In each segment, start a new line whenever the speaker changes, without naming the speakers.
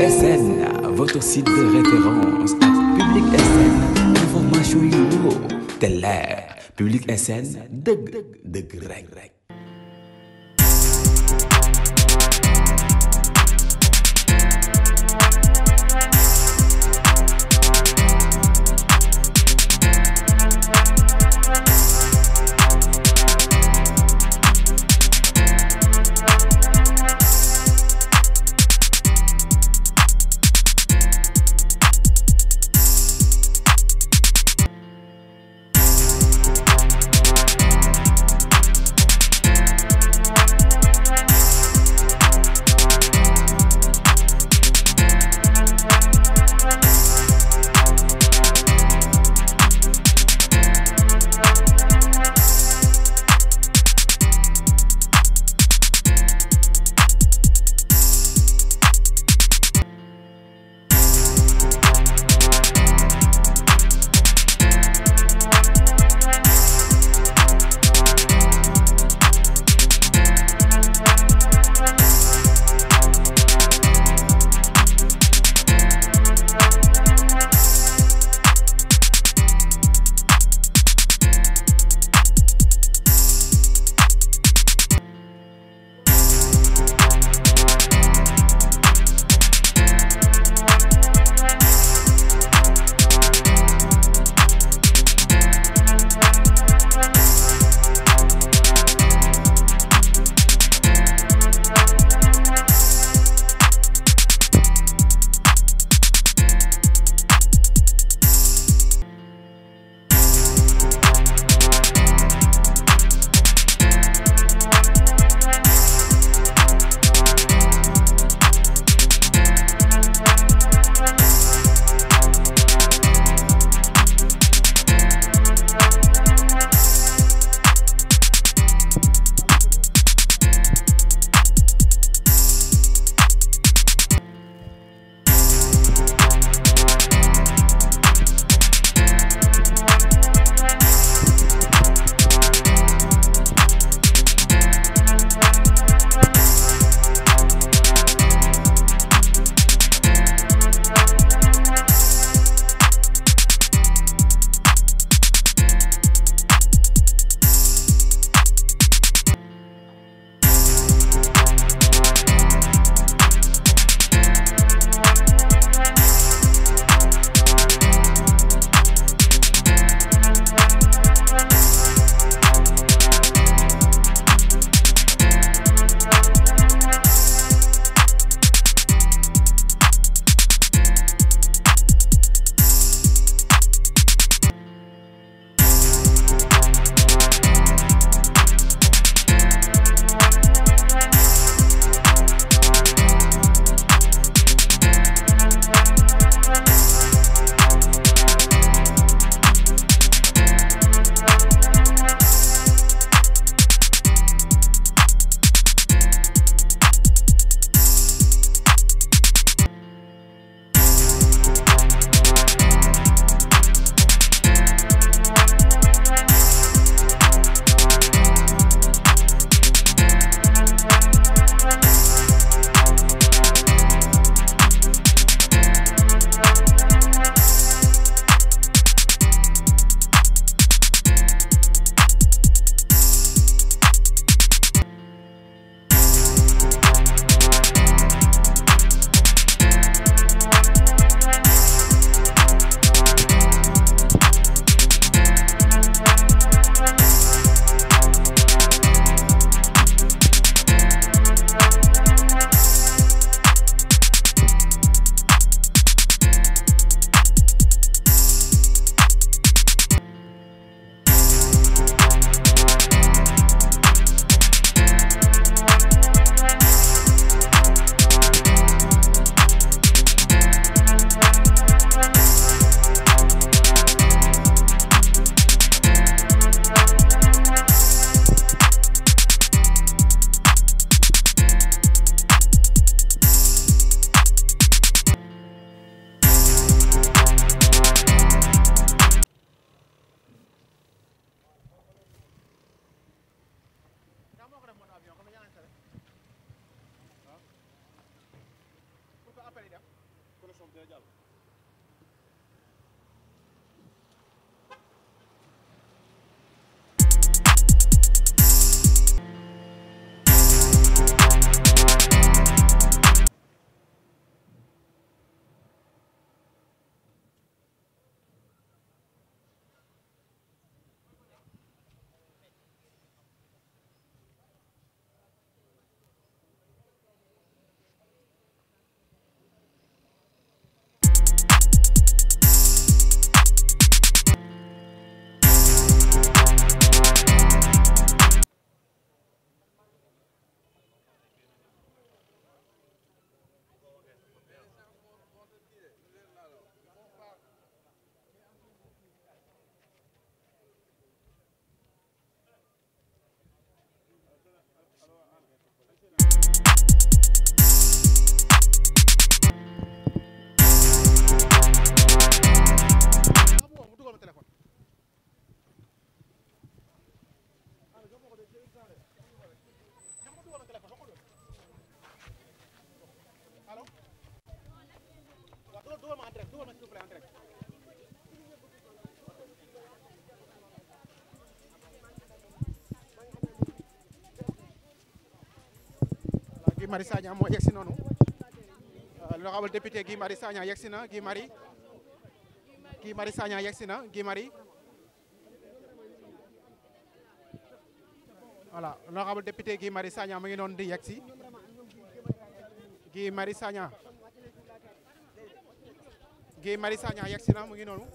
SN, votre site de référence. Public SN, information Yo, tel de, Public SN, de de, Gracias. Marie Sagna moo yegsi noonu l'honorable euh, député Guy Marie Sagna yegsi na Guy Marie Guy Marie Sagna yegsi na Guy Marie voilà l'honorable député Guy mari Sagna mu ngi noonu di yegsi Guy mari saña Guy mari Sagna yegsi na mu ngi noonu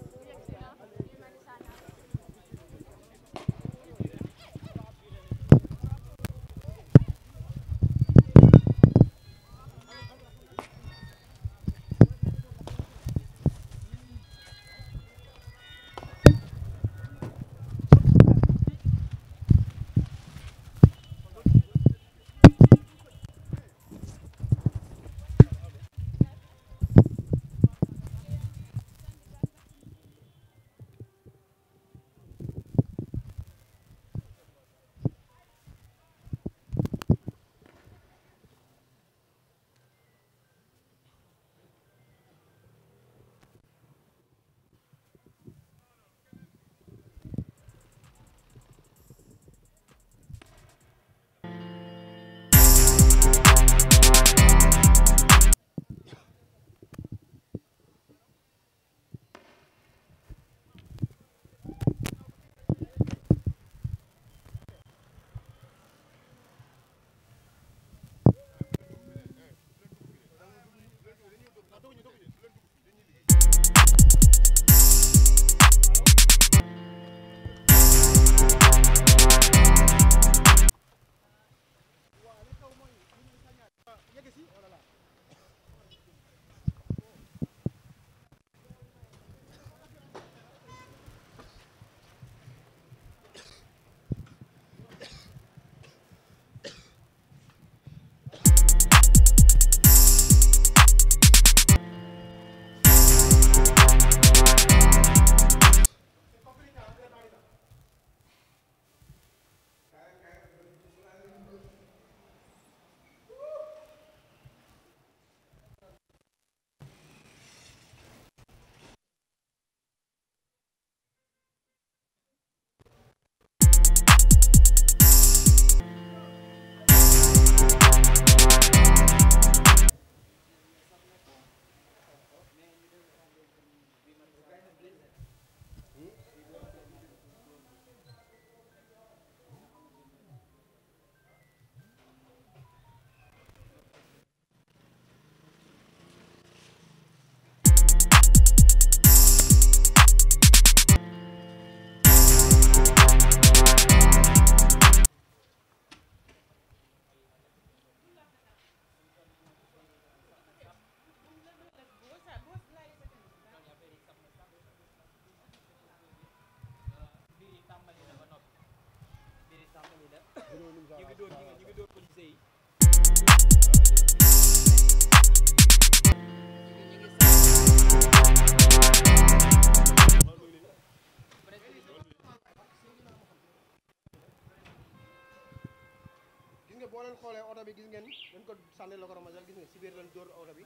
nga boo leen xoolee oto bi gis ngeen dañ ko sànni la ko ramajal gis ngeen si biir lañ dóor oto bi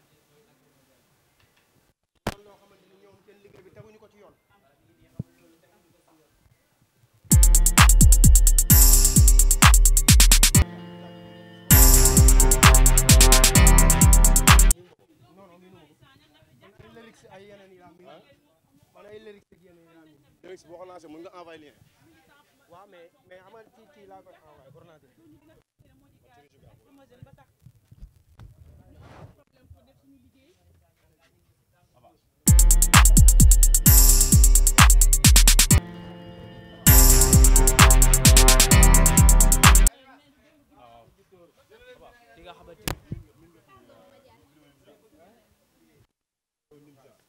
kon loo xamante ni ñoom seen liggéey bi teguñu ko ci yoon ay yeneen yi am ay lyrics ak yeneen yi am lyrics boo ko lancé mën nga envoyé lien waaw laa nga xamante